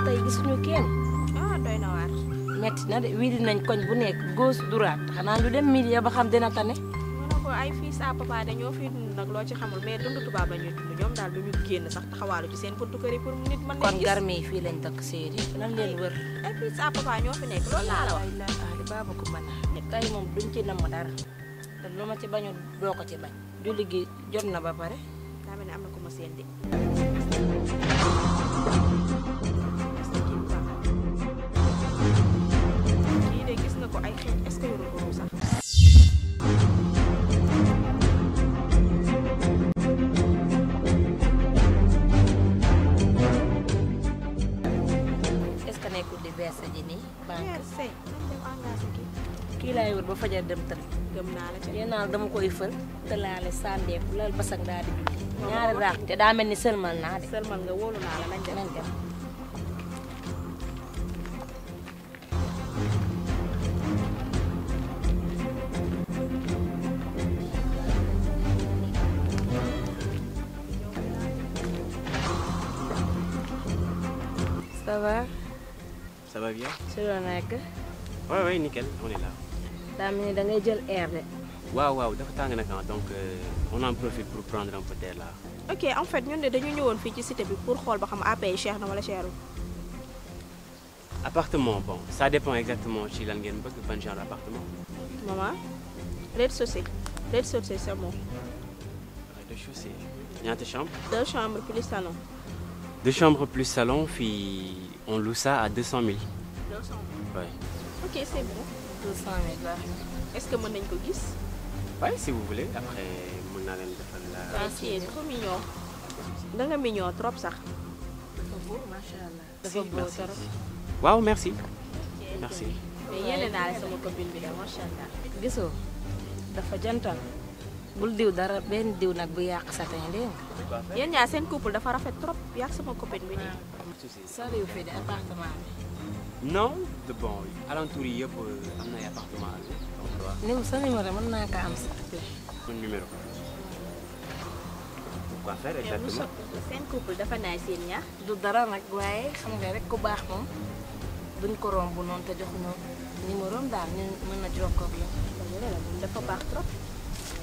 ba gis gisuñu kenn. ah na waar. metti na de wiiri nañ koñ bu nekk gauche droite xanaa lu dem milieu ba xam dina tane. ko ay fii sa papa dañoo fiy loo ci xamul mais dund tubaab la ñuy dund ñoom daal du ñu génn sax taxawaalu seen buntu kër yi pour nit mën kon garmi yi fii lañ dëkk séeri nan leen sa papa ñoo fi nekk loolu la wax di ko mën a tey moom duñ ci namm dara te lu ma ci bañu doo ko ci bañ julli gi jot na ba pare daa mel ne am na ko ma seen de biasa ji nii banque kii wër ba fajar dem tëdd gëm naa la nee naa dama koy fël tëlaale sàndeeku lal basak daal di julli ñaari raax te de nga la nañ dem nañ dem Ça va ça va bien. Oui oui, nickel on est là. daa mel da ah, donc euh, on en profite pour prendre un peu d'air là. ok en fait nous sommes dañu ici cité pour xool ba xam cher appartement bon ça dépend exactement de lan ngeen bëgg ban genre d'appartement. maman rez de rez de c'est bon. rez-de-chaussée deux chambres plus salon. Deux chambres plus salon, puis on loue ça à 200 000. 200 000 Oui. Ok, c'est bon. 200 000 Est-ce que mon ami Oui, si vous voulez. Après, mon de faire la. Ah, merci. trop mignon. mignon trop merci. Merci. Mais copine bul diw dara ben diw nak bu yak sa tan dégg yeen ya sen couple dafa rafet trop yak sama copine bi sa rew fi de appartement non de bon alentour yi yëpp am na appartement ni néew sa numéro mën naa ko am sa mon numéro quoi faire ya, exactement sen couple dafa nay sen ya du dara nak waaye xam nga rek ku bax mom duñ ko rombu non te jox numéro dal ñu mëna na ak yow dafa bax trop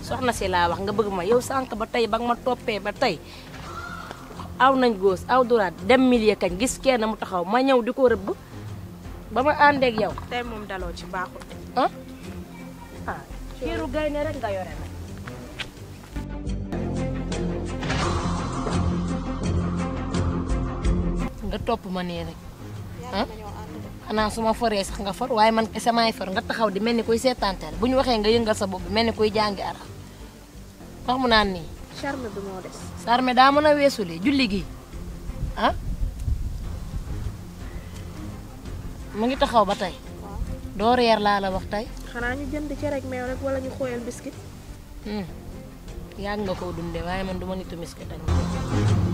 soxna si laa wax nga bëgg ma yow sank ba tay ba nga ma toppee ba tay aw nañ góos aw durat dem milier kañ gis kenn mu taxaw ma ñew di ko ba ma ak yow. tay mom dalo ci baaxul. ah ah kiiru rek nga yoré nga top ma rek xanaa suma foré sax nga for waye man samay for nga taxaw di melni koy sétantel buñ waxé nga yëngal sa bop melni koy jangé ara wax mu naan ni charme du mo des. charme da mën a weesu julli gi ah mu ngi taxaw ba tay do reer la la wax tay xana ñu jënd ci rek meew rek wala ñu xoyal biscuit. Hmm. yàgg nga ko dundé waye man duma nitu biscuit ak